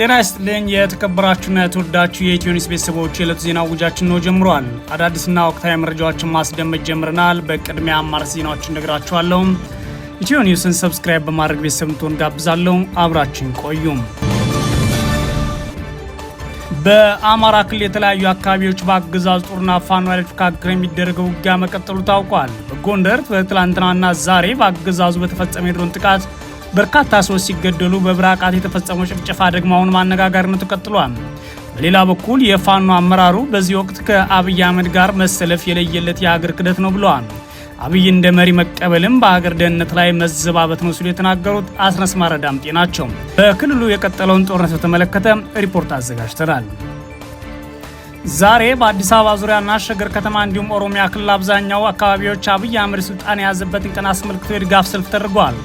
ጤና ይስጥልኝ የተከበራችሁና የተወዳችሁ የኢትዮ ኒውስ ቤተሰቦች የዕለቱ ዜና ውጃችን ነው ጀምሯል። አዳዲስና ወቅታዊ መረጃዎችን ማስደመጥ ጀምረናል። በቅድሚያ አማርስ ዜናዎችን እነግራችኋለሁ። ኢትዮ ኒውስን ሰብስክራይብ በማድረግ ቤተሰብ እንድትሆኑ ጋብዛለሁ። አብራችን ቆዩም። በአማራ ክልል የተለያዩ አካባቢዎች በአገዛዙ ጦርና ፋኖ ኃይሎች መካከል የሚደረገው ውጊያ መቀጠሉ ታውቋል። በጎንደር በትላንትናና ዛሬ በአገዛዙ በተፈጸመ የድሮን ጥቃት በርካታ ሰዎች ሲገደሉ በብራቃት የተፈጸመው ጭፍጨፋ ደግሞ አሁን ማነጋገርነቱ ቀጥሏል። በሌላ በኩል የፋኖ አመራሩ በዚህ ወቅት ከአብይ አህመድ ጋር መሰለፍ የለየለት የሀገር ክደት ነው ብለዋል። አብይ እንደ መሪ መቀበልም በሀገር ደህንነት ላይ መዘባበት ነው ሲሉ የተናገሩት አስረስ ዳምጤ ናቸው። በክልሉ የቀጠለውን ጦርነት በተመለከተ ሪፖርት አዘጋጅተናል። ዛሬ በአዲስ አበባ ዙሪያና ሸገር ከተማ እንዲሁም ኦሮሚያ ክልል አብዛኛው አካባቢዎች አብይ አህመድ ስልጣን የያዘበትን ቀን አስመልክቶ የድጋፍ ሰልፍ ተደርጓል።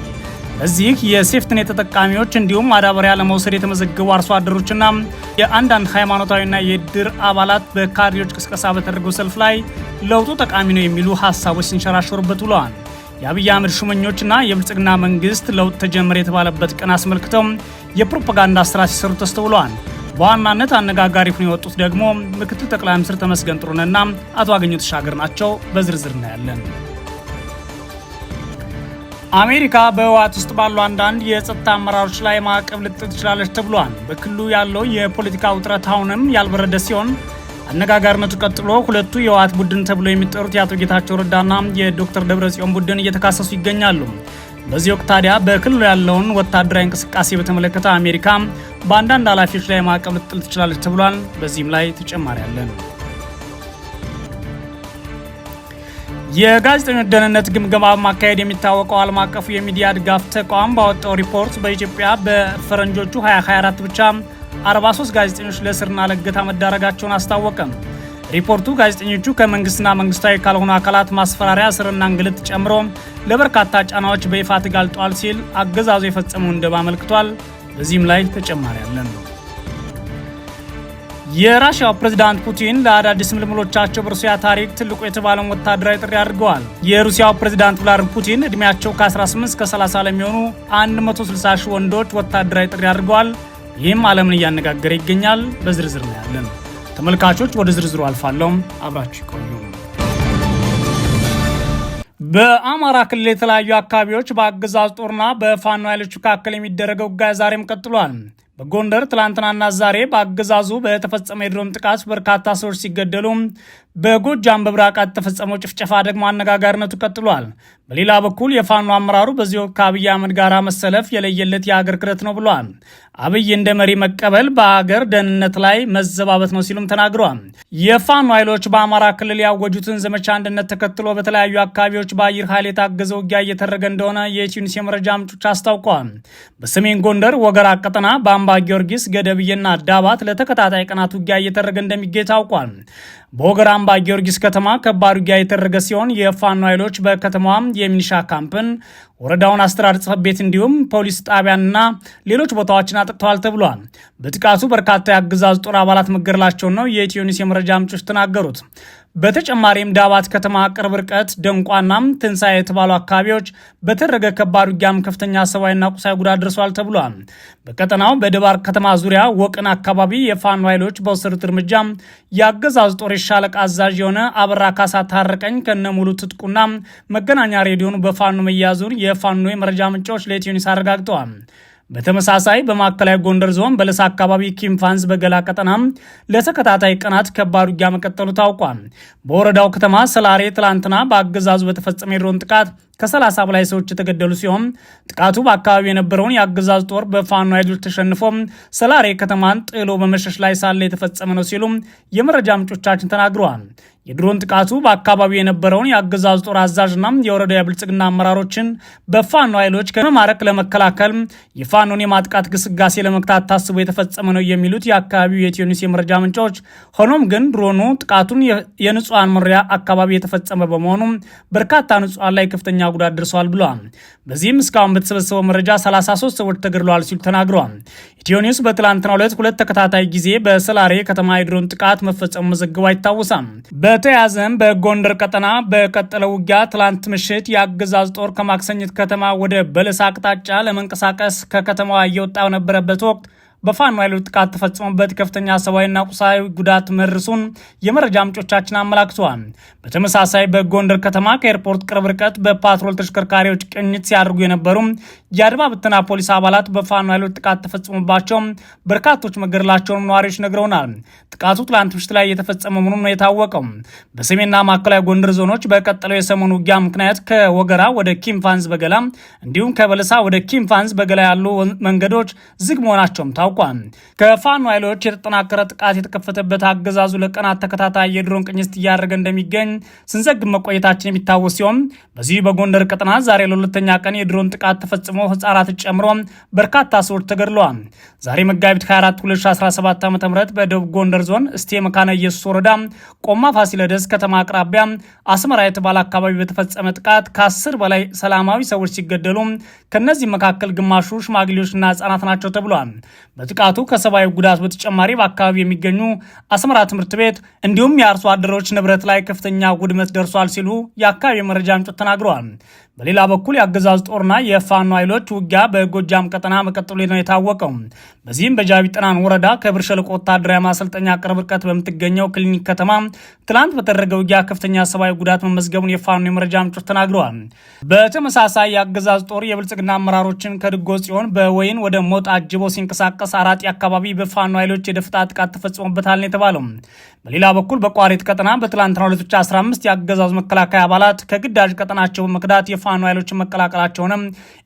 እዚህ የሴፍትኔት ተጠቃሚዎች እንዲሁም ማዳበሪያ ለመውሰድ የተመዘገቡ አርሶ አደሮችና የአንዳንድ ሃይማኖታዊና የድር አባላት በካድሬዎች ቅስቀሳ በተደረገው ሰልፍ ላይ ለውጡ ጠቃሚ ነው የሚሉ ሀሳቦች ሲንሸራሸሩበት ውለዋል። የአብይ አህመድ ሹመኞችና የብልጽግና መንግስት ለውጥ ተጀመረ የተባለበት ቀን አስመልክተው የፕሮፓጋንዳ ስራ ሲሰሩ ተስተውለዋል። በዋናነት አነጋጋሪ ሆነው የወጡት ደግሞ ምክትል ጠቅላይ ሚኒስትር ተመስገን ጥሩነህና አቶ አገኘሁ ተሻገር ናቸው። በዝርዝር እናያለን። አሜሪካ በህወሓት ውስጥ ባሉ አንዳንድ የጸጥታ አመራሮች ላይ ማዕቀብ ልጥል ትችላለች ተብሏል። በክልሉ ያለው የፖለቲካ ውጥረት አሁንም ያልበረደ ሲሆን አነጋጋሪነቱ ቀጥሎ ሁለቱ የህወሓት ቡድን ተብሎ የሚጠሩት የአቶ ጌታቸው ረዳና የዶክተር ደብረጽዮን ቡድን እየተካሰሱ ይገኛሉ። በዚህ ወቅት ታዲያ በክልሉ ያለውን ወታደራዊ እንቅስቃሴ በተመለከተ አሜሪካ በአንዳንድ ኃላፊዎች ላይ ማዕቀብ ልጥል ትችላለች ተብሏል። በዚህም ላይ ተጨማሪ አለን። የጋዜጠኞች ደህንነት ግምገማ ማካሄድ የሚታወቀው ዓለም አቀፉ የሚዲያ ድጋፍ ተቋም ባወጣው ሪፖርት በኢትዮጵያ በፈረንጆቹ 2024 ብቻ 43 ጋዜጠኞች ለእስርና ለእገታ መዳረጋቸውን አስታወቀም። ሪፖርቱ ጋዜጠኞቹ ከመንግስትና መንግስታዊ ካልሆኑ አካላት ማስፈራሪያ፣ እስርና እንግልት ጨምሮ ለበርካታ ጫናዎች በይፋ ተጋልጧል ሲል አገዛዙ የፈጸመውን ደባ አመልክቷል። በዚህም ላይ ተጨማሪ ያለን ነው የራሽያው ፕሬዝዳንት ፑቲን ለአዳዲስ ምልምሎቻቸው በሩሲያ ታሪክ ትልቁ የተባለውን ወታደራዊ ጥሪ አድርገዋል። የሩሲያው ፕሬዝዳንት ቭላድሚር ፑቲን እድሜያቸው ከ18 እስከ 30 ለሚሆኑ 160 ሺህ ወንዶች ወታደራዊ ጥሪ አድርገዋል። ይህም ዓለምን እያነጋገረ ይገኛል። በዝርዝር ነው ያለን። ተመልካቾች ወደ ዝርዝሩ አልፋለሁም፣ አብራችሁ ይቆዩ። በአማራ ክልል የተለያዩ አካባቢዎች በአገዛዝ ጦርና በፋኖ ኃይሎች መካከል የሚደረገው ውጊያ ዛሬም ቀጥሏል። በጎንደር ትላንትናና ዛሬ በአገዛዙ በተፈጸመ የድሮን ጥቃት በርካታ ሰዎች ሲገደሉ በጎጃም በብራቃት የተፈጸመው ጭፍጨፋ ደግሞ አነጋጋሪነቱ ቀጥሏል። በሌላ በኩል የፋኖ አመራሩ በዚህ ወቅት ከአብይ አህመድ ጋር መሰለፍ የለየለት የአገር ክረት ነው ብሏል። አብይ እንደ መሪ መቀበል በአገር ደህንነት ላይ መዘባበት ነው ሲሉም ተናግረዋል። የፋኖ ኃይሎች በአማራ ክልል ያወጁትን ዘመቻ አንድነት ተከትሎ በተለያዩ አካባቢዎች በአየር ኃይል የታገዘ ውጊያ እየተደረገ እንደሆነ የቲዩኒስ የመረጃ ምንጮች አስታውቀዋል። በሰሜን ጎንደር ወገራ ቀጠና በአምባ ጊዮርጊስ ገደብዬና ዳባት ለተከታታይ ቀናት ውጊያ እየተደረገ እንደሚገኝ ታውቋል። በወገራ አምባ ጊዮርጊስ ከተማ ከባድ ውጊያ የተደረገ ሲሆን የፋኖ ኃይሎች በከተማዋም የሚኒሻ ካምፕን፣ ወረዳውን አስተዳደር ጽሕፈት ቤት እንዲሁም ፖሊስ ጣቢያንና ሌሎች ቦታዎችን አጥቅተዋል ተብሏል። በጥቃቱ በርካታ የአገዛዝ ጦር አባላት መገደላቸውን ነው የኢትዮኒስ የመረጃ ምንጮች ተናገሩት። በተጨማሪም ዳባት ከተማ ቅርብ ርቀት ደንቋናም ትንሣኤ የተባሉ አካባቢዎች በተደረገ ከባድ ውጊያም ከፍተኛ ሰብአዊና ቁሳዊ ጉዳት ደርሷል ተብሏል። በቀጠናው በደባር ከተማ ዙሪያ ወቅን አካባቢ የፋኖ ኃይሎች በወሰዱት እርምጃ የአገዛዝ ጦር ሻለቃ አዛዥ የሆነ አበራ ካሳ ታረቀኝ ከነ ሙሉ ትጥቁና መገናኛ ሬዲዮን በፋኖ መያዙን የፋኖ የመረጃ ምንጮች ለኢትዮኒስ አረጋግጠዋል። በተመሳሳይ በማዕከላዊ ጎንደር ዞን በለሳ አካባቢ ኪንፋንስ በገላ ቀጠናም ለተከታታይ ቀናት ከባድ ውጊያ መቀጠሉ ታውቋል። በወረዳው ከተማ ሰላሬ ትላንትና በአገዛዙ በተፈጸመ የድሮን ጥቃት ከ ከ30 በላይ ሰዎች የተገደሉ ሲሆን ጥቃቱ በአካባቢው የነበረውን የአገዛዝ ጦር በፋኖ ኃይሎች ተሸንፎ ሰላሬ ከተማን ጥሎ በመሸሽ ላይ ሳለ የተፈጸመ ነው ሲሉም የመረጃ ምንጮቻችን ተናግረዋል። የድሮን ጥቃቱ በአካባቢው የነበረውን የአገዛዙ ጦር አዛዥና የወረዳ የብልጽግና አመራሮችን በፋኖ ኃይሎች ከመማረክ ለመከላከል የፋኖን የማጥቃት ግስጋሴ ለመግታት ታስቦ የተፈጸመ ነው የሚሉት የአካባቢው የኢትዮኒውስ የመረጃ ምንጮች፣ ሆኖም ግን ድሮኑ ጥቃቱን የንጹሐን መኖሪያ አካባቢ የተፈጸመ በመሆኑ በርካታ ንጹሐን ላይ ከፍተኛ ጉዳት ደርሰዋል ብለዋል። በዚህም እስካሁን በተሰበሰበው መረጃ 33 ሰዎች ተገድለዋል ሲሉ ተናግረዋል። ኢትዮኒውስ በትላንትና ሁለት ሁለት ተከታታይ ጊዜ በሰላሬ ከተማ የድሮን ጥቃት መፈጸሙ መዘገቡ አይታወሳም። በተያዘም በጎንደር ቀጠና በቀጠለው ውጊያ ትላንት ምሽት የአገዛዝ ጦር ከማክሰኝት ከተማ ወደ በለሳ አቅጣጫ ለመንቀሳቀስ ከከተማዋ እየወጣ በነበረበት ወቅት በፋኖ ኃይሎች ጥቃት ተፈጽሞበት ከፍተኛ ሰብአዊና ቁሳዊ ጉዳት መድረሱን የመረጃ ምንጮቻችን አመላክተዋል። በተመሳሳይ በጎንደር ከተማ ከኤርፖርት ቅርብ ርቀት በፓትሮል ተሽከርካሪዎች ቅኝት ሲያደርጉ የነበሩ የአድማ ብተና ፖሊስ አባላት በፋኖ ኃይሎች ጥቃት ተፈጽሞባቸው በርካቶች መገደላቸውንም ነዋሪዎች ነግረውናል። ጥቃቱ ትላንት ምሽት ላይ የተፈጸመ መሆኑን ነው የታወቀው። በሰሜንና ማዕከላዊ ጎንደር ዞኖች በቀጠለው የሰሞኑ ውጊያ ምክንያት ከወገራ ወደ ኪምፋንዝ በገላ እንዲሁም ከበለሳ ወደ ኪምፋንዝ በገላ ያሉ መንገዶች ዝግ መሆናቸውም ታውቋል። አስታውቋል። ከፋኖ ኃይሎች የተጠናከረ ጥቃት የተከፈተበት አገዛዙ ለቀናት ተከታታይ የድሮን ቅኝት እያደረገ እንደሚገኝ ስንዘግብ መቆየታችን የሚታወስ ሲሆን በዚህ በጎንደር ቀጠና ዛሬ ለሁለተኛ ቀን የድሮን ጥቃት ተፈጽሞ ህጻናትን ጨምሮ በርካታ ሰዎች ተገድለዋል። ዛሬ መጋቢት 24 2017 ዓ ም በደቡብ ጎንደር ዞን እስቴ መካነ ኢየሱስ ወረዳ ቆማ ፋሲለደስ ከተማ አቅራቢያ አስመራ የተባለ አካባቢ በተፈጸመ ጥቃት ከአስር በላይ ሰላማዊ ሰዎች ሲገደሉ ከእነዚህ መካከል ግማሹ ሽማግሌዎችና ህጻናት ናቸው ተብሏል። በጥቃቱ ከሰብአዊ ጉዳት በተጨማሪ በአካባቢ የሚገኙ አስመራ ትምህርት ቤት እንዲሁም የአርሶ አደሮች ንብረት ላይ ከፍተኛ ውድመት ደርሷል ሲሉ የአካባቢ መረጃ ምንጮች ተናግረዋል። በሌላ በኩል የአገዛዝ ጦርና የፋኖ ኃይሎች ውጊያ በጎጃም ቀጠና መቀጠሉ ነው የታወቀው። በዚህም በጃቢ ጥናን ወረዳ ከብር ወታደራዊ ማሰልጠኛ ቅርብ ርቀት በምትገኘው ክሊኒክ ከተማ ትላንት በተደረገ ውጊያ ከፍተኛ ሰብአዊ ጉዳት መመዝገቡን የፋኖ የመረጃ ምንጮች ተናግረዋል። በተመሳሳይ የአገዛዝ ጦር የብልጽግና አመራሮችን ከድጎ ጽዮን በወይን ወደ ሞት አጅቦ ሲንቀሳቀስ አራጢ አካባቢ በፋኖ ኃይሎች የደፍጣ ጥቃት ተፈጽሞበታል ነው የተባለው። በሌላ በኩል በቋሪት ቀጠና በትላንትና 2015 የአገዛዙ መከላከያ አባላት ከግዳጅ ቀጠናቸው በመክዳት ፋኖ ኃይሎችን መቀላቀላቸውንም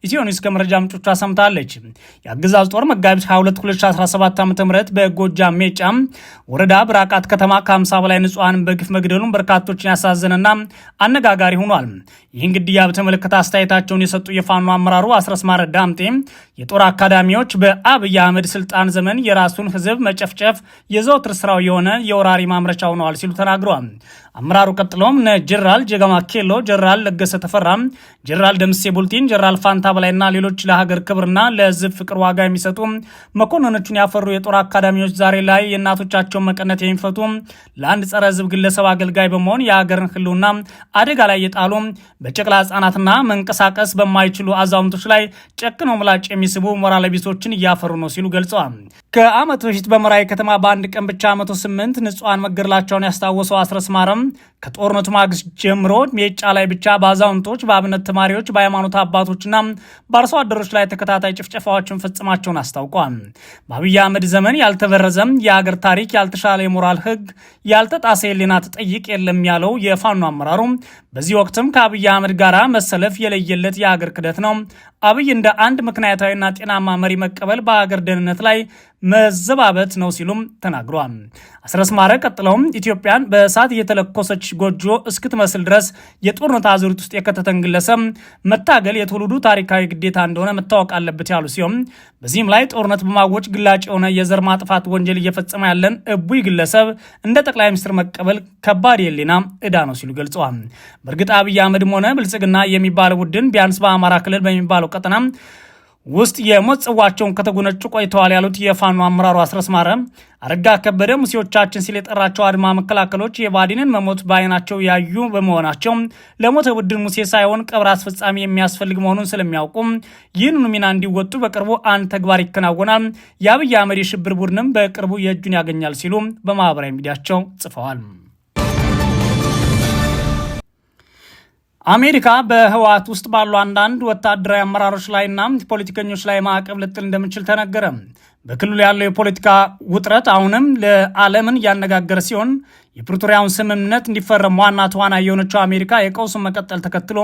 ኢትዮኒስ ከመረጃ ምንጮቿ ሰምታለች። የአገዛዝ ጦር መጋቢት 22 2017 ዓ ም በጎጃም ሜጫ ወረዳ ብራቃት ከተማ ከ50 በላይ ንጹሐን በግፍ መግደሉን በርካቶችን ያሳዘነና አነጋጋሪ ሆኗል። ይህን ግድያ በተመለከተ አስተያየታቸውን የሰጡ የፋኖ አመራሩ አስረስማረ ዳምጤ የጦር አካዳሚዎች በአብይ አህመድ ስልጣን ዘመን የራሱን ህዝብ መጨፍጨፍ የዘወትር ስራው የሆነ የወራሪ ማምረቻ ሆነዋል ሲሉ ተናግረዋል። አመራሩ ቀጥሎም እነ ጀራል ጀጋማ ኬሎ፣ ለገሰ ተፈራም ጀነራል ደምሴ ቡልቲን፣ ጀነራል ፋንታ በላይና ሌሎች ለሀገር ክብርና ለህዝብ ፍቅር ዋጋ የሚሰጡ መኮንኖቹን ያፈሩ የጦር አካዳሚዎች ዛሬ ላይ የእናቶቻቸውን መቀነት የሚፈቱ ለአንድ ጸረ ህዝብ ግለሰብ አገልጋይ በመሆን የሀገርን ህልውና አደጋ ላይ የጣሉ በጨቅላ ህጻናትና መንቀሳቀስ በማይችሉ አዛውንቶች ላይ ጨክኖ ምላጭ የሚስቡ ሞራል ቢሶችን እያፈሩ ነው ሲሉ ገልጸዋል። ከአመት በፊት በመራዊ ከተማ በአንድ ቀን ብቻ 108 ንጹሐን መገደላቸውን ያስታወሰው አስረስማረም ከጦርነቱ ማግስት ጀምሮ ሜጫ ላይ ብቻ በአዛውንቶች በአብነት ዓመት ተማሪዎች በሃይማኖት አባቶችና በአርሶ አደሮች ላይ ተከታታይ ጭፍጨፋዎችን ፈጽማቸውን አስታውቋል። በአብይ አህመድ ዘመን ያልተበረዘም የአገር ታሪክ፣ ያልተሻለ የሞራል ህግ፣ ያልተጣሰ የሌና ተጠይቅ የለም ያለው የፋኖ አመራሩ በዚህ ወቅትም ከአብይ አህመድ ጋር መሰለፍ የለየለት የአገር ክደት ነው። አብይ እንደ አንድ ምክንያታዊና ጤናማ መሪ መቀበል በአገር ደህንነት ላይ መዘባበት ነው ሲሉም ተናግሯል። አስረስ ማረ ቀጥለውም ኢትዮጵያን በእሳት እየተለኮሰች ጎጆ እስክትመስል ድረስ የጦርነት አዙሪት ውስጥ የከተተን ግለሰብ መታገል የትውልዱ ታሪካዊ ግዴታ እንደሆነ መታወቅ አለበት ያሉ ሲሆን በዚህም ላይ ጦርነት በማወጭ ግላጭ የሆነ የዘር ማጥፋት ወንጀል እየፈጸመ ያለን እቡይ ግለሰብ እንደ ጠቅላይ ሚኒስትር መቀበል ከባድ የሌና እዳ ነው ሲሉ ገልጸዋል። በእርግጥ አብይ አህመድም ሆነ ብልጽግና የሚባለው ቡድን ቢያንስ በአማራ ክልል በሚባለው ቀጠና ውስጥ የሞት ጽዋቸውን ከተጎነጩ ቆይተዋል ያሉት የፋኖ አመራሩ አስረስ ማረ አረጋ ከበደ ሙሴዎቻችን ሲል የጠራቸው አድማ መከላከሎች የባዲንን መሞት በአይናቸው ያዩ በመሆናቸው ለሞተ ቡድን ሙሴ ሳይሆን ቀብር አስፈጻሚ የሚያስፈልግ መሆኑን ስለሚያውቁም ይህንኑ ሚና እንዲወጡ በቅርቡ አንድ ተግባር ይከናወናል። የአብይ አህመድ የሽብር ቡድንም በቅርቡ የእጁን ያገኛል ሲሉ በማህበራዊ ሚዲያቸው ጽፈዋል። አሜሪካ በህወሓት ውስጥ ባሉ አንዳንድ ወታደራዊ አመራሮች ላይና ፖለቲከኞች ላይ ማዕቀብ ልጥል እንደምችል ተነገረ። በክልሉ ያለው የፖለቲካ ውጥረት አሁንም ለዓለምን እያነጋገረ ሲሆን የፕሪቶሪያውን ስምምነት እንዲፈረም ዋና ተዋና የሆነችው አሜሪካ የቀውሱን መቀጠል ተከትሎ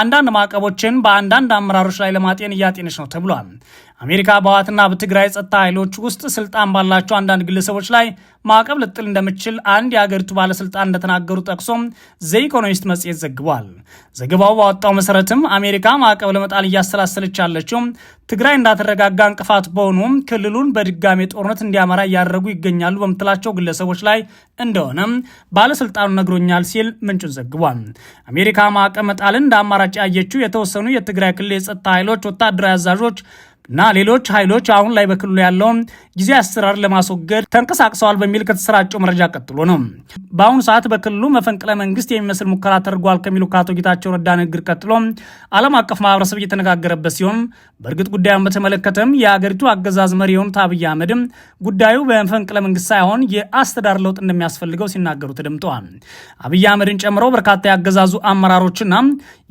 አንዳንድ ማዕቀቦችን በአንዳንድ አመራሮች ላይ ለማጤን እያጤነች ነው ተብሏል። አሜሪካ በህወሓትና በትግራይ ጸጥታ ኃይሎች ውስጥ ስልጣን ባላቸው አንዳንድ ግለሰቦች ላይ ማዕቀብ ልጥል እንደምችል አንድ የአገሪቱ ባለስልጣን እንደተናገሩ ጠቅሶ ዘ ኢኮኖሚስት መጽሔት ዘግቧል። ዘገባው ባወጣው መሰረትም አሜሪካ ማዕቀብ ለመጣል እያሰላሰለች ያለችው ትግራይ እንዳትረጋጋ እንቅፋት በሆኑ ክልሉን በድጋሜ ጦርነት እንዲያመራ እያደረጉ ይገኛሉ በምትላቸው ግለሰቦች ላይ እንደሆነ እንደሆነም ባለስልጣኑ ነግሮኛል ሲል ምንጩን ዘግቧል። አሜሪካ ማዕቀብ መጣልን እንደ አማራጭ ያየችው የተወሰኑ የትግራይ ክልል የጸጥታ ኃይሎች ወታደራዊ አዛዦች እና ሌሎች ኃይሎች አሁን ላይ በክልሉ ያለውን ጊዜ አሰራር ለማስወገድ ተንቀሳቅሰዋል በሚል ከተሰራጨው መረጃ ቀጥሎ ነው። በአሁኑ ሰዓት በክልሉ መፈንቅለ መንግስት የሚመስል ሙከራ ተደርጓል ከሚሉ ከአቶ ጌታቸው ረዳ ንግግር ቀጥሎ ዓለም አቀፍ ማህበረሰብ እየተነጋገረበት ሲሆን በእርግጥ ጉዳዩን በተመለከተም የአገሪቱ አገዛዝ መሪ የሆኑት አብይ አህመድም ጉዳዩ በመፈንቅለ መንግስት ሳይሆን የአስተዳደር ለውጥ እንደሚያስፈልገው ሲናገሩ ተደምጠዋል። አብይ አህመድን ጨምሮ በርካታ የአገዛዙ አመራሮችና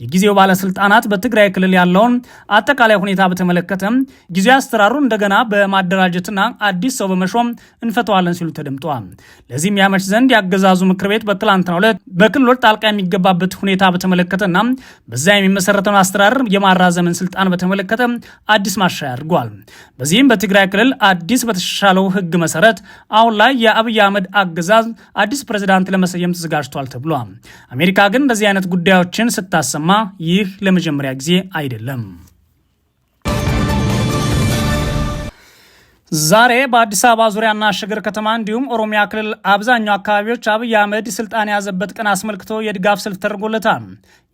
የጊዜው ባለስልጣናት በትግራይ ክልል ያለውን አጠቃላይ ሁኔታ በተመለከተም ጊዜያዊ አስተራሩን እንደገና በማደራጀትና አዲስ ሰው በመሾም እንፈተዋለን ሲሉ ተደምጠዋል። ለዚህም ያመች ዘንድ ያገዛዙ ምክር ቤት በትላንትናው ዕለት በክልሎች ጣልቃ የሚገባበት ሁኔታ በተመለከተና በዚያ የሚመሰረተውን አስተራር የማራዘምን ስልጣን በተመለከተ አዲስ ማሻሻያ አድርጓል። በዚህም በትግራይ ክልል አዲስ በተሻሻለው ህግ መሰረት አሁን ላይ የአብይ አህመድ አገዛዝ አዲስ ፕሬዝዳንት ለመሰየም ተዘጋጅቷል ተብሏል። አሜሪካ ግን እንደዚህ አይነት ጉዳዮችን ስታሰማ ይህ ለመጀመሪያ ጊዜ አይደለም። ዛሬ በአዲስ አበባ ዙሪያና ሸገር ከተማ እንዲሁም ኦሮሚያ ክልል አብዛኛው አካባቢዎች አብይ አህመድ ስልጣን የያዘበት ቀን አስመልክቶ የድጋፍ ሰልፍ ተደርጎለታል።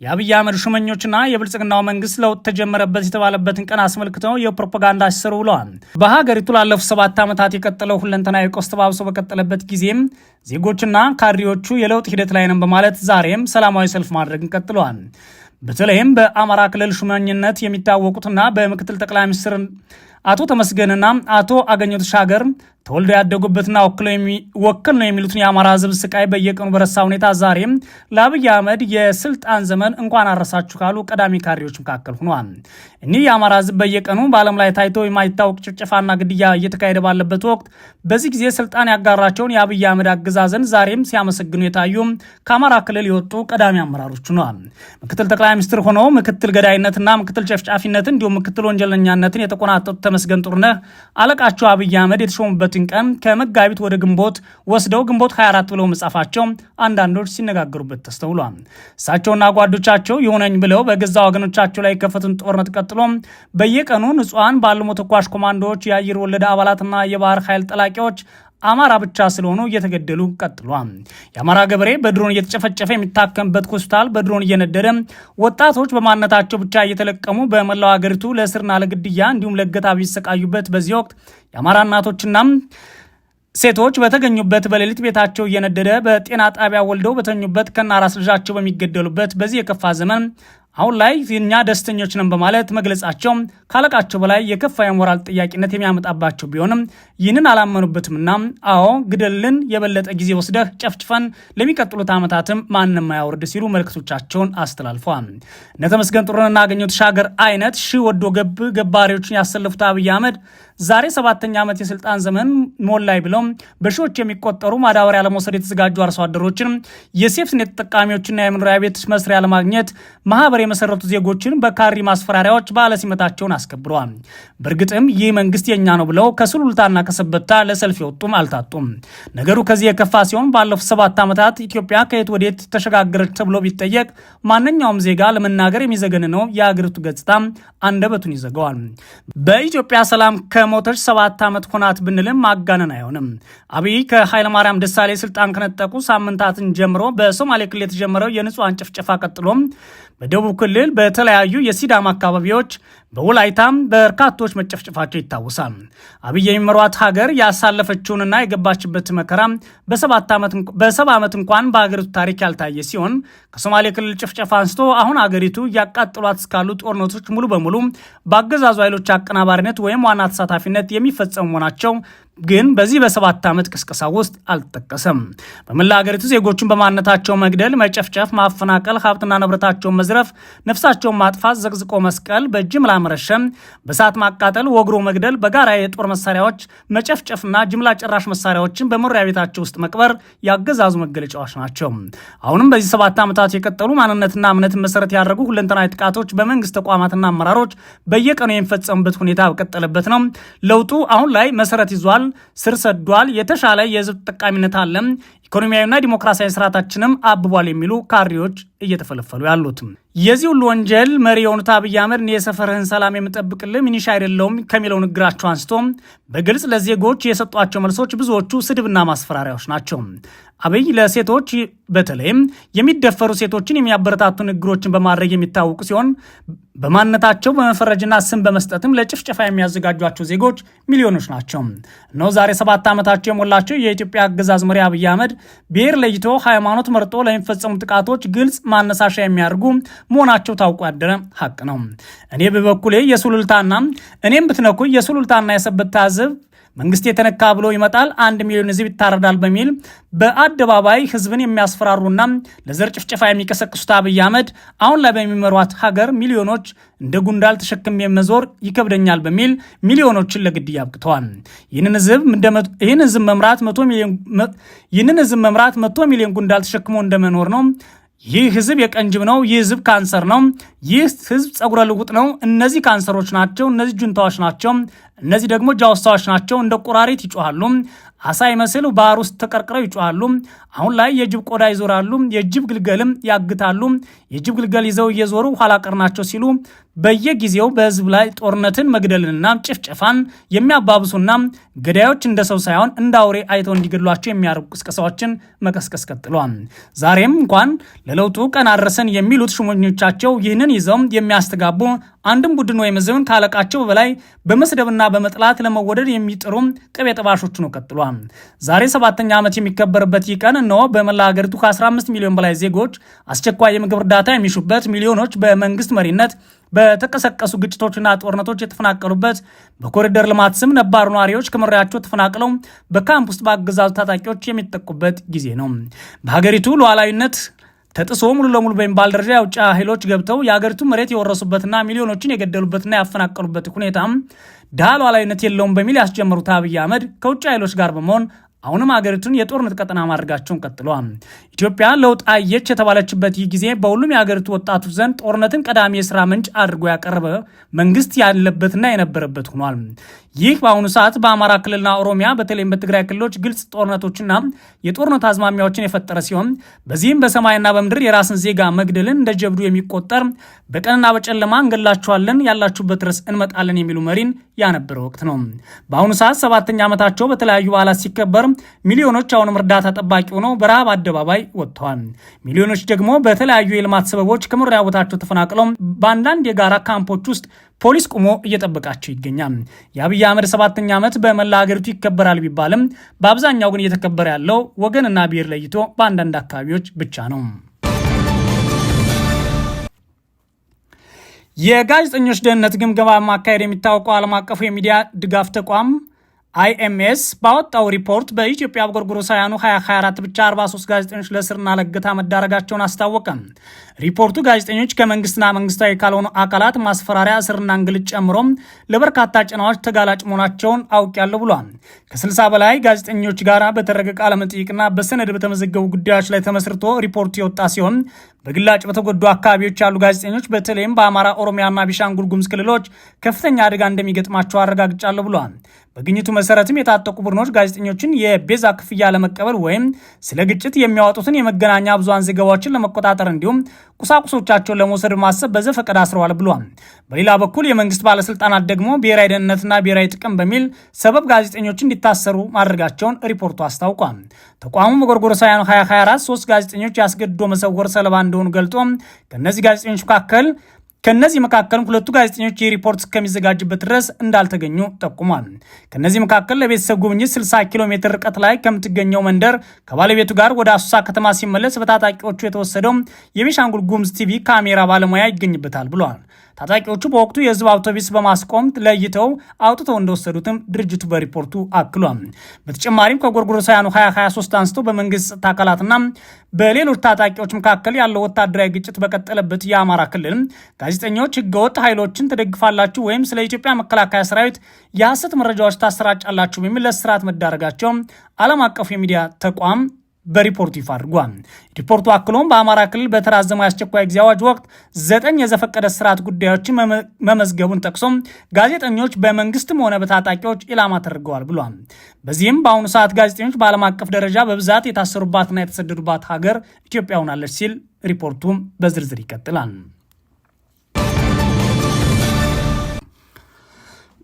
የአብይ አህመድ ሹመኞችና የብልጽግናው መንግስት ለውጥ ተጀመረበት የተባለበትን ቀን አስመልክቶ የፕሮፓጋንዳ ሲሰሩ ብለዋል። በሀገሪቱ ላለፉት ሰባት ዓመታት የቀጠለው ሁለንተናዊ ቀውስ ተባብሶ በቀጠለበት ጊዜም ዜጎችና ካድሬዎቹ የለውጥ ሂደት ላይ ነን በማለት ዛሬም ሰላማዊ ሰልፍ ማድረግን ቀጥለዋል። በተለይም በአማራ ክልል ሹመኝነት የሚታወቁትና በምክትል ጠቅላይ ሚኒስትር አቶ ተመስገንና አቶ አገኘት ሻገር ተወልደው ያደጉበትና ወክል ነው የሚሉትን የአማራ ህዝብ ስቃይ በየቀኑ በረሳ ሁኔታ ዛሬም ለአብይ አህመድ የስልጣን ዘመን እንኳን አረሳችሁ ካሉ ቀዳሚ ካሪዎች መካከል ሆኗል። እኒህ የአማራ ህዝብ በየቀኑ በዓለም ላይ ታይቶ የማይታወቅ ጭፍጨፋና ግድያ እየተካሄደ ባለበት ወቅት በዚህ ጊዜ ስልጣን ያጋራቸውን የአብይ አህመድ አገዛዘን ዛሬም ሲያመሰግኑ የታዩ ከአማራ ክልል የወጡ ቀዳሚ አመራሮች ሆኗል። ምክትል ጠቅላይ ሚኒስትር ሆነው ምክትል ገዳይነትና ምክትል ጨፍጫፊነትን እንዲሁም ምክትል ወንጀለኛነትን የተቆናጠጡ ተመስገን ጥሩነህ አለቃቸው አብይ አህመድ የተሾሙበት የሚለውበትን ቀን ከመጋቢት ወደ ግንቦት ወስደው ግንቦት 24 ብለው መጻፋቸው አንዳንዶች ሲነጋገሩበት ተስተውሏል። እሳቸውና ጓዶቻቸው ይሁነኝ ብለው በገዛ ወገኖቻቸው ላይ የከፈቱን ጦርነት ቀጥሎ በየቀኑ ንጹሐን ባልሞ ተኳሽ ኮማንዶዎች፣ የአየር ወለደ አባላትና የባህር ኃይል ጠላቂዎች አማራ ብቻ ስለሆኑ እየተገደሉ ቀጥሏል። የአማራ ገበሬ በድሮን እየተጨፈጨፈ የሚታከምበት ሆስፒታል በድሮን እየነደደ ወጣቶች በማንነታቸው ብቻ እየተለቀሙ በመላው ሀገሪቱ ለእስርና ለግድያ እንዲሁም ለእገታ ቢሰቃዩበት በዚህ ወቅት የአማራ እናቶችና ሴቶች በተገኙበት በሌሊት ቤታቸው እየነደደ በጤና ጣቢያ ወልደው በተኙበት ከነ አራስ ልጃቸው በሚገደሉበት በዚህ የከፋ ዘመን አሁን ላይ እኛ ደስተኞች ነን በማለት መግለጻቸው ካለቃቸው በላይ የከፋ የሞራል ጥያቄነት የሚያመጣባቸው ቢሆንም ይህንን አላመኑበትምና አዎ ግደልን፣ የበለጠ ጊዜ ወስደህ ጨፍጭፈን ለሚቀጥሉት ዓመታትም ማንም አያወርድ ሲሉ መልእክቶቻቸውን አስተላልፈዋል። እነ ተመስገን ጥሩነህና አገኘሁ ተሻገር አይነት ሺህ ወዶ ገብ ገባሪዎችን ያሰለፉት አብይ አህመድ ዛሬ ሰባተኛ ዓመት የስልጣን ዘመን ሞላይ ብለው በሺዎች የሚቆጠሩ ማዳበሪያ ለመውሰድ የተዘጋጁ አርሶ አደሮችን የሴፍትኔት ተጠቃሚዎችና የመኖሪያ ቤት መስሪያ ለማግኘት ማህበር የመሰረቱ ዜጎችን በካሪ ማስፈራሪያዎች ባለሲመታቸውን አስከብረዋል። በእርግጥም ይህ መንግስት የኛ ነው ብለው ከሱሉልታና ከሰበታ ለሰልፍ የወጡም አልታጡም። ነገሩ ከዚህ የከፋ ሲሆን ባለፉት ሰባት ዓመታት ኢትዮጵያ ከየት ወዴት ተሸጋገረች ተብሎ ቢጠየቅ ማንኛውም ዜጋ ለመናገር የሚዘገን ነው። የአገሪቱ ገጽታ አንደበቱን ይዘገዋል። በኢትዮጵያ ሰላም ከ ከሞተች ሰባት ዓመት ሆናት ብንልም ማጋነን አይሆንም። አብይ ከኃይለማርያም ደሳሌ ስልጣን ከነጠቁ ሳምንታትን ጀምሮ በሶማሌ ክልል የተጀመረው የንጹሐን ጭፍጨፋ ቀጥሎም በደቡብ ክልል በተለያዩ የሲዳማ አካባቢዎች በውላይታም በርካቶች መጨፍጨፋቸው ይታወሳል። አብይ የሚመሯት ሀገር ያሳለፈችውንና የገባችበት መከራ በሰባ ዓመት እንኳን በሀገሪቱ ታሪክ ያልታየ ሲሆን ከሶማሌ ክልል ጭፍጨፋ አንስቶ አሁን አገሪቱ እያቃጥሏት እስካሉ ጦርነቶች ሙሉ በሙሉ በአገዛዙ ኃይሎች አቀናባሪነት ወይም ዋና ተሳታፊነት የሚፈጸሙ መሆናቸው ግን በዚህ በሰባት ዓመት ቅስቀሳ ውስጥ አልተጠቀሰም። በመላ ሀገሪቱ ዜጎቹን በማንነታቸው መግደል፣ መጨፍጨፍ፣ ማፈናቀል፣ ሀብትና ንብረታቸውን መዝረፍ፣ ነፍሳቸውን ማጥፋት፣ ዘቅዝቆ መስቀል፣ በጅምላ መረሸም በእሳት ማቃጠል፣ ወግሮ መግደል፣ በጋራ የጦር መሳሪያዎች መጨፍጨፍና ጅምላ ጨራሽ መሳሪያዎችን በመኖሪያ ቤታቸው ውስጥ መቅበር ያገዛዙ መገለጫዎች ናቸው። አሁንም በዚህ ሰባት ዓመታት የቀጠሉ ማንነትና እምነትን መሰረት ያደረጉ ሁለንተናዊ ጥቃቶች በመንግስት ተቋማትና አመራሮች በየቀኑ የሚፈጸሙበት ሁኔታ በቀጠለበት ነው። ለውጡ አሁን ላይ መሰረት ይዟል። አጥቷል፣ ስር ሰዷል፣ የተሻለ የህዝብ ተጠቃሚነት አለም፣ ኢኮኖሚያዊና ዲሞክራሲያዊ ስርዓታችንም አብቧል የሚሉ ካሪዎች እየተፈለፈሉ ያሉትም። የዚህ ሁሉ ወንጀል መሪ የሆኑት አብይ አህመድ የሰፈርህን ሰላም የምጠብቅልህ ሚኒሻ አይደለውም ከሚለው ንግራቸው አንስቶ በግልጽ ለዜጎች የሰጧቸው መልሶች ብዙዎቹ ስድብና ማስፈራሪያዎች ናቸው። አብይ ለሴቶች በተለይም የሚደፈሩ ሴቶችን የሚያበረታቱ ንግግሮችን በማድረግ የሚታወቁ ሲሆን በማንነታቸው በመፈረጅና ስም በመስጠትም ለጭፍጨፋ የሚያዘጋጇቸው ዜጎች ሚሊዮኖች ናቸው። እነሆ ዛሬ ሰባት ዓመታቸው የሞላቸው የኢትዮጵያ አገዛዝ መሪ አብይ አህመድ ብሔር ለይቶ ሃይማኖት መርጦ ለሚፈጸሙ ጥቃቶች ግልጽ ማነሳሻ የሚያደርጉ መሆናቸው ታውቆ ያደረ ሀቅ ነው። እኔ በበኩሌ የሱሉልታና እኔም ብትነኩ የሱሉልታና የሰበታ ህዝብ መንግስት የተነካ ብሎ ይመጣል፣ አንድ ሚሊዮን ህዝብ ይታረዳል በሚል በአደባባይ ህዝብን የሚያስፈራሩና ለዘር ጭፍጨፋ የሚቀሰቅሱት አብይ አህመድ አሁን ላይ በሚመሯት ሀገር ሚሊዮኖች እንደ ጉንዳል ተሸክሜ መዞር ይከብደኛል በሚል ሚሊዮኖችን ለግድያ አብቅተዋል። ይህን ህዝብ መምራት መቶ ሚሊዮን ጉንዳል ተሸክሞ እንደመኖር ነው። ይህ ህዝብ የቀንጅብ ነው፣ ይህ ህዝብ ካንሰር ነው፣ ይህ ህዝብ ጸጉረ ልውጥ ነው። እነዚህ ካንሰሮች ናቸው፣ እነዚህ ጁንታዎች ናቸው፣ እነዚህ ደግሞ ጃውሳዎች ናቸው። እንደ ቆራሪት ይጮሃሉ። አሳ ይመስል ባህር ውስጥ ተቀርቅረው ይጮሃሉ። አሁን ላይ የጅብ ቆዳ ይዞራሉ፣ የጅብ ግልገልም ያግታሉ። የጅብ ግልገል ይዘው እየዞሩ ኋላ ቀር ናቸው ሲሉ በየጊዜው በህዝብ ላይ ጦርነትን መግደልንና ጭፍጨፋን የሚያባብሱና ገዳዮች እንደ ሰው ሳይሆን እንደ አውሬ አይተው እንዲገድሏቸው የሚያደርጉ ቅስቀሳዎችን መቀስቀስ ቀጥሏል። ዛሬም እንኳን ለለውጡ ቀን አድረሰን የሚሉት ሹመኞቻቸው ይህንን ይዘው የሚያስተጋቡ አንድም ቡድን ወይም ህዝብን ካለቃቸው በላይ በመስደብና በመጥላት ለመወደድ የሚጥሩ ቅቤ ጠባሾች ነው ቀጥሏል። ዛሬ ሰባተኛ ዓመት የሚከበርበት ይህ ቀን እነሆ በመላ ሀገሪቱ ከ15 ሚሊዮን በላይ ዜጎች አስቸኳይ የምግብ እርዳታ የሚሹበት፣ ሚሊዮኖች በመንግስት መሪነት በተቀሰቀሱ ግጭቶችና ጦርነቶች የተፈናቀሉበት፣ በኮሪደር ልማት ስም ነባር ነዋሪዎች ከመሪያቸው ተፈናቅለው በካምፕ ውስጥ በአገዛዙ ታጣቂዎች የሚጠቁበት ጊዜ ነው። በሀገሪቱ ሉዓላዊነት ተጥሶ ሙሉ ለሙሉ በሚባል ደረጃ የውጭ ኃይሎች ገብተው የአገሪቱ መሬት የወረሱበትና ሚሊዮኖችን የገደሉበትና ያፈናቀሉበት ሁኔታም ዳሏ ሉዓላዊነት የለውም በሚል ያስጀመሩት አብይ አህመድ ከውጭ ኃይሎች ጋር በመሆን አሁንም ሀገሪቱን የጦርነት ቀጠና ማድረጋቸውን ቀጥለዋል። ኢትዮጵያ ለውጥ አየች የተባለችበት ይህ ጊዜ በሁሉም የሀገሪቱ ወጣቶች ዘንድ ጦርነትን ቀዳሚ የስራ ምንጭ አድርጎ ያቀረበ መንግስት ያለበትና የነበረበት ሆኗል። ይህ በአሁኑ ሰዓት በአማራ ክልልና ኦሮሚያ በተለይም በትግራይ ክልሎች ግልጽ ጦርነቶችና የጦርነት አዝማሚያዎችን የፈጠረ ሲሆን በዚህም በሰማይና በምድር የራስን ዜጋ መግደልን እንደ ጀብዱ የሚቆጠር በቀንና በጨለማ እንገላችኋለን፣ ያላችሁበት ድረስ እንመጣለን የሚሉ መሪን ያነበረ ወቅት ነው። በአሁኑ ሰዓት ሰባተኛ ዓመታቸው በተለያዩ በዓላት ሲከበር ሚሊዮኖች አሁንም እርዳታ ጠባቂ ሆነው በረሃብ አደባባይ ወጥተዋል። ሚሊዮኖች ደግሞ በተለያዩ የልማት ሰበቦች ከመኖሪያ ቦታቸው ተፈናቅለው በአንዳንድ የጋራ ካምፖች ውስጥ ፖሊስ ቁሞ እየጠበቃቸው ይገኛል። የአብይ አህመድ ሰባተኛ ዓመት በመላ ሀገሪቱ ይከበራል ቢባልም በአብዛኛው ግን እየተከበረ ያለው ወገንና ብሔር ለይቶ በአንዳንድ አካባቢዎች ብቻ ነው። የጋዜጠኞች ደህንነት ግምገማ ማካሄድ የሚታወቀው ዓለም አቀፉ የሚዲያ ድጋፍ ተቋም አይኤምኤስ ባወጣው ሪፖርት በኢትዮጵያ በጎርጎሮሳውያኑ 2024 ብቻ 43 ጋዜጠኞች ለእስርና ለእገታ መዳረጋቸውን አስታወቀም። ሪፖርቱ ጋዜጠኞች ከመንግስትና መንግስታዊ ካልሆኑ አካላት ማስፈራሪያ፣ እስርና እንግልት ጨምሮም ለበርካታ ጭናዎች ተጋላጭ መሆናቸውን አውቄያለሁ ብሏል። ከ60 በላይ ጋዜጠኞች ጋር በተደረገ ቃለመጠይቅና በሰነድ በተመዘገቡ ጉዳዮች ላይ ተመስርቶ ሪፖርቱ የወጣ ሲሆን በግላጭ በተጎዱ አካባቢዎች ያሉ ጋዜጠኞች በተለይም በአማራ ኦሮሚያና ቢሻንጉል ጉሙዝ ክልሎች ከፍተኛ አደጋ እንደሚገጥማቸው አረጋግጫለሁ ብለዋል። በግኝቱ መሰረትም የታጠቁ ቡድኖች ጋዜጠኞችን የቤዛ ክፍያ ለመቀበል ወይም ስለ ግጭት የሚያወጡትን የመገናኛ ብዙሃን ዘገባዎችን ለመቆጣጠር እንዲሁም ቁሳቁሶቻቸውን ለመውሰድ ማሰብ በዘፈቀድ አስረዋል ብሏል። በሌላ በኩል የመንግስት ባለስልጣናት ደግሞ ብሔራዊ ደህንነትና ብሔራዊ ጥቅም በሚል ሰበብ ጋዜጠኞች እንዲታሰሩ ማድረጋቸውን ሪፖርቱ አስታውቋል። ተቋሙ በጎርጎሮሳውያኑ 2024 ሶስት ጋዜጠኞች ያስገድዶ መሰወር ሰለባ እንደሆኑ ገልጦ ከእነዚህ ጋዜጠኞች መካከል ከነዚህ መካከል ሁለቱ ጋዜጠኞች የሪፖርት እስከሚዘጋጅበት ድረስ እንዳልተገኙ ጠቁሟል። ከነዚህ መካከል ለቤተሰብ ጉብኝት 60 ኪሎ ሜትር ርቀት ላይ ከምትገኘው መንደር ከባለቤቱ ጋር ወደ አሱሳ ከተማ ሲመለስ በታጣቂዎቹ የተወሰደው የቤሻንጉል ጉሙዝ ቲቪ ካሜራ ባለሙያ ይገኝበታል ብሏል። ታጣቂዎቹ በወቅቱ የህዝብ አውቶቢስ በማስቆም ለይተው አውጥተው እንደወሰዱትም ድርጅቱ በሪፖርቱ አክሏል። በተጨማሪም ከጎርጎሮሳውያኑ 2023 አንስቶ በመንግስት ጸጥታ አካላትና በሌሎች ታጣቂዎች መካከል ያለው ወታደራዊ ግጭት በቀጠለበት የአማራ ክልል ጋዜጠኞች ህገወጥ ኃይሎችን ትደግፋላችሁ ወይም ስለ ኢትዮጵያ መከላከያ ሰራዊት የሐሰት መረጃዎች ታሰራጫላችሁ የሚል ለእስራት መዳረጋቸው ዓለም አቀፉ የሚዲያ ተቋም በሪፖርቱ ይፋ አድርጓል። ሪፖርቱ አክሎም በአማራ ክልል በተራዘመ አስቸኳይ ጊዜ አዋጅ ወቅት ዘጠኝ የዘፈቀደ ስርዓት ጉዳዮችን መመዝገቡን ጠቅሶም ጋዜጠኞች በመንግስትም ሆነ በታጣቂዎች ኢላማ ተደርገዋል ብሏል። በዚህም በአሁኑ ሰዓት ጋዜጠኞች በዓለም አቀፍ ደረጃ በብዛት የታሰሩባትና የተሰደዱባት ሀገር ኢትዮጵያ ሆናለች ሲል ሪፖርቱም በዝርዝር ይቀጥላል።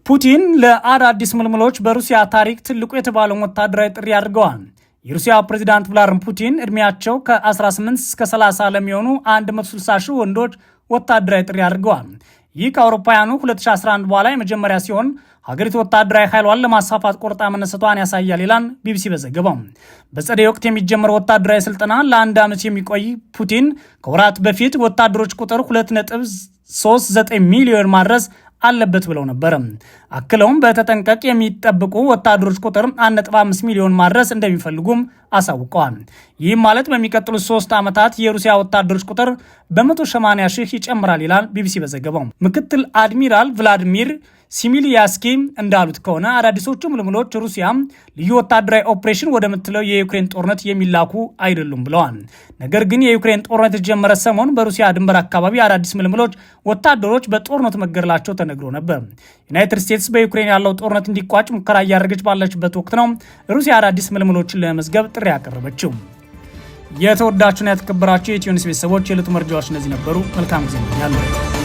ፑቲን ለአዳዲስ ምልምሎች በሩሲያ ታሪክ ትልቁ የተባለውን ወታደራዊ ጥሪ አድርገዋል። የሩሲያ ፕሬዚዳንት ቭላድሚር ፑቲን እድሜያቸው ከ18 እስከ 30 ለሚሆኑ 160 ሺህ ወንዶች ወታደራዊ ጥሪ አድርገዋል። ይህ ከአውሮፓውያኑ 2011 በኋላ የመጀመሪያ ሲሆን ሀገሪቱ ወታደራዊ ኃይሏን ለማስፋፋት ቆርጣ መነሰቷን ያሳያል ይላል ቢቢሲ በዘገባው። በጸደይ ወቅት የሚጀመረው ወታደራዊ ስልጠና ለአንድ ዓመት የሚቆይ ፑቲን ከወራት በፊት ወታደሮች ቁጥር 2.39 ሚሊዮን ማድረስ አለበት ብለው ነበር። አክለውም በተጠንቀቅ የሚጠብቁ ወታደሮች ቁጥር 1.5 ሚሊዮን ማድረስ እንደሚፈልጉም አሳውቀዋል። ይህም ማለት በሚቀጥሉት ሶስት ዓመታት የሩሲያ ወታደሮች ቁጥር በ180 ሺህ ይጨምራል ይላል ቢቢሲ በዘገባው ምክትል አድሚራል ቭላድሚር ሲሚሊያስኪ እንዳሉት ከሆነ አዳዲሶቹ ምልምሎች ሩሲያ ልዩ ወታደራዊ ኦፕሬሽን ወደምትለው የዩክሬን ጦርነት የሚላኩ አይደሉም ብለዋል። ነገር ግን የዩክሬን ጦርነት የተጀመረ ሰሞን በሩሲያ ድንበር አካባቢ አዳዲስ ምልምሎች ወታደሮች በጦርነት መገደላቸው ተነግሮ ነበር። ዩናይትድ ስቴትስ በዩክሬን ያለው ጦርነት እንዲቋጭ ሙከራ እያደረገች ባለችበት ወቅት ነው ሩሲያ አዳዲስ ምልምሎችን ለመመዝገብ ጥሪ ያቀረበችው። የተወዳችሁና የተከበራችሁ የኢትዮ ኒውስ ቤተሰቦች የዕለቱ መረጃዎች እነዚህ ነበሩ። መልካም ጊዜ ያለው